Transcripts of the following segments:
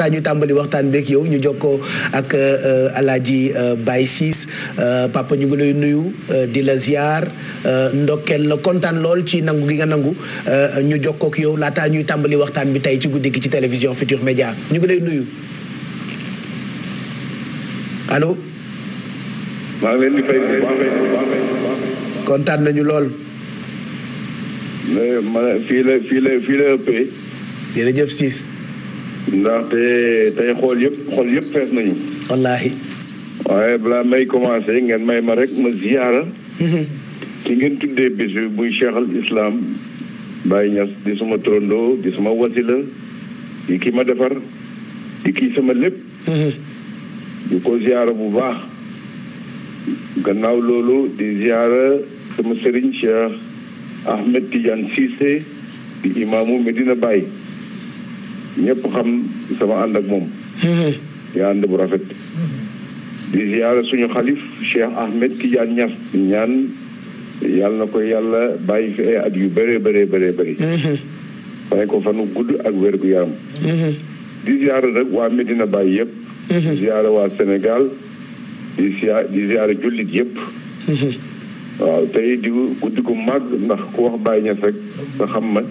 taa ñuy tàmbali waxtaan beeg yow ñu jokkoo ak euh, Alaaji euh, Baye Ciss euh, papa ñu ngi lay nuyu di la ziar ndokkeel la kontaan lool ci nangu gi nga nangu ñu jokkook yow laataa ñuy tàmbali waxtaan bi tey ci guddi gi ci télévision Futur Média ñu ngi lay nuyu allo. kontaan nañu lool. fii la fii la fii la ëppee. jërëjëf ndaxte tey xool yëpp xool yëpp fees nañu. wallaahi. waaye balaa may commencé ngeen may ma rek ma ziyaara. Mhm. ki ngeen tuddee bis bi muy cheikh al islam Baye di sama turandoo di sama wasila di kii ma defar di kii sama lépp. Mhm. di ko ziyaara bu baax. gannaaw loolu di ziyaara sama sëriñ cheikh Ahmed Tidiane Cissé di imaamu Medina Baye. ñëpp xam sama ànd ak moom ñu ànd bu rafet di ziyaara suñu xalif Cheikh Ahmed Tidiane Niass ñaan yàlla na ko yàlla bàyyi fi ay at yu bëree bëree bëree bëri bàyyi ko fanu gudd ak wér-gu-yaram di ziyaara rek waa Medina Baye yëpp di ziyaara waa Sénégal di ziyaara di ziyaara jullit yëpp waaw tey di guddi gu màgg ndax ku wax Baye Niass rek nga xam ma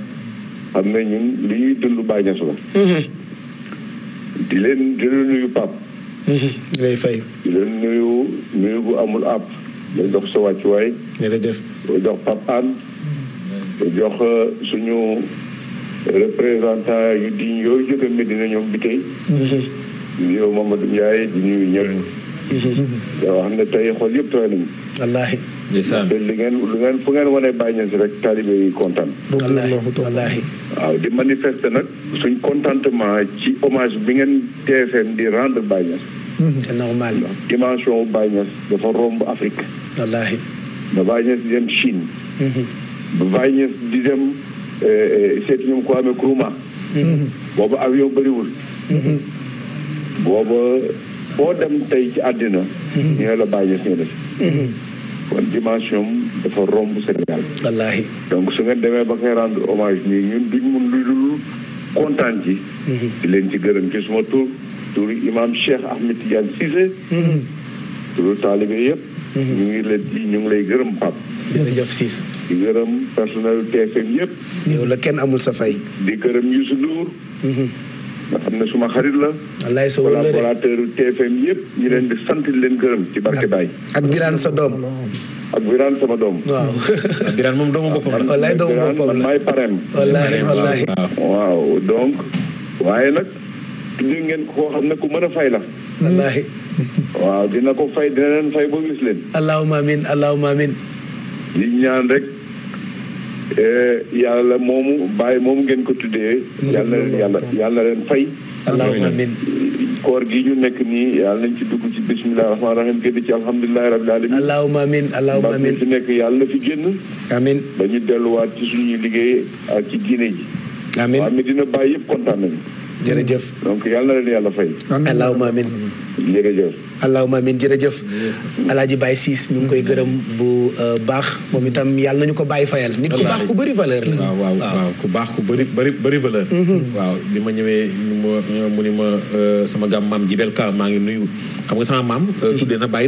xam ne ñun li ñuy dund Baye Niass la mhm. di leen di leen nuyu Pape mhm. lay fay di leen nuyu nuyu bu amul àpp day jox sa wàccuwaay jërëjëf day jox Pape euh, suñu représentant yu di yooyu jóge Medina ñoom bi tey mhm. di yow Mamadou Ndiaye di nuyu ñëpp da wax ne tey xool yëpp tooy nañu wallaahi te li ngeen lu ngeen fu ngeen wanee bàyyi ña si rek taalibe yi kontaan wallaahi waaw di manifester nag suñ contentement ci hommage bi ngeen TFM di rendre Baye Niass hmm, c'est normal dimension Baye dafa romb Afrique wallaahi ba Baye Niass di dem Chine hmm. ba Baye Niass di dem eh, eh, seeti ñoom ko amee Nkrumah hmm. boobu avion bëriwul boobu foo dem tey ci àddina ñoo la Baye Niass ñoo kon dimension dafa romb Sénégal. wallaahi. donc su ngeen demee ba koy rendre hommage nii ñun duñ mun luy dul kontaan ci. Mhm. di leen ci gërëm ci suma tur. turu imam Cheikh Ahmed Tidiane Cissé. Mhm. turu taalibe yëpp. Mhm. ñu ngi leen ñu ngi lay gërëm Pape. jërëjëf Ciss. di gërëm personnel TFM yëpp. ñëw la kenn amul sa fay. di gërëm Youssou Ndour. nga xam ne suma xarit la. wallaay sa wëllëre collaborateur TFM yëpp ñu leen di sant di leen gërëm ci barke Baay. ak Birane sa doom. ak Birane sama doom. waaw. Birane moom doomu boppam la. wallaay doomu boppam la may pareem. wallaay waaw donc. waaye nag. tudd ngeen koo xam ne ku mën a fay la. wallaay. waaw dina ko fay dina leen fay boo gis leen. allahumma amiin allahumma amiin. li ñaan rek. Eh, yàlla moomu bàyyi moomu ngeen ko tuddee. yàlla yàlla yàlla leen fay. allahumma amin koor gi ñu nekk nii yàlla nañ ci dugg ci bisimilah rahmaani rahiim génn ci alhamdulilah rabbil alamin. allahumma amin allahumma amin ci nekk yàlla na fi génn. amin ba ñu delluwaat ci suñuy liggéey ak ci diine ji. amin waa dina Baye yëpp kontaan nañu. jërëjëf donc yàlla na leen yàlla fay. allahumma amin jërëjëf. allahumma amin jërëjëf. alaaji Baye Ciss ñu ngi koy gërëm bu euh, baax moom itam yàlla nañu ko bàyyi fayal. nit ku baax ku bari valeur la. waaw ku baax ku bari bari bëri valeur. Mm-hmm. waaw li ma ñëwee mu ni ma euh, sama gàmm maam Jibel Ka maa ngi nuyu xam nga sama maam. Euh, tuddee na Baye.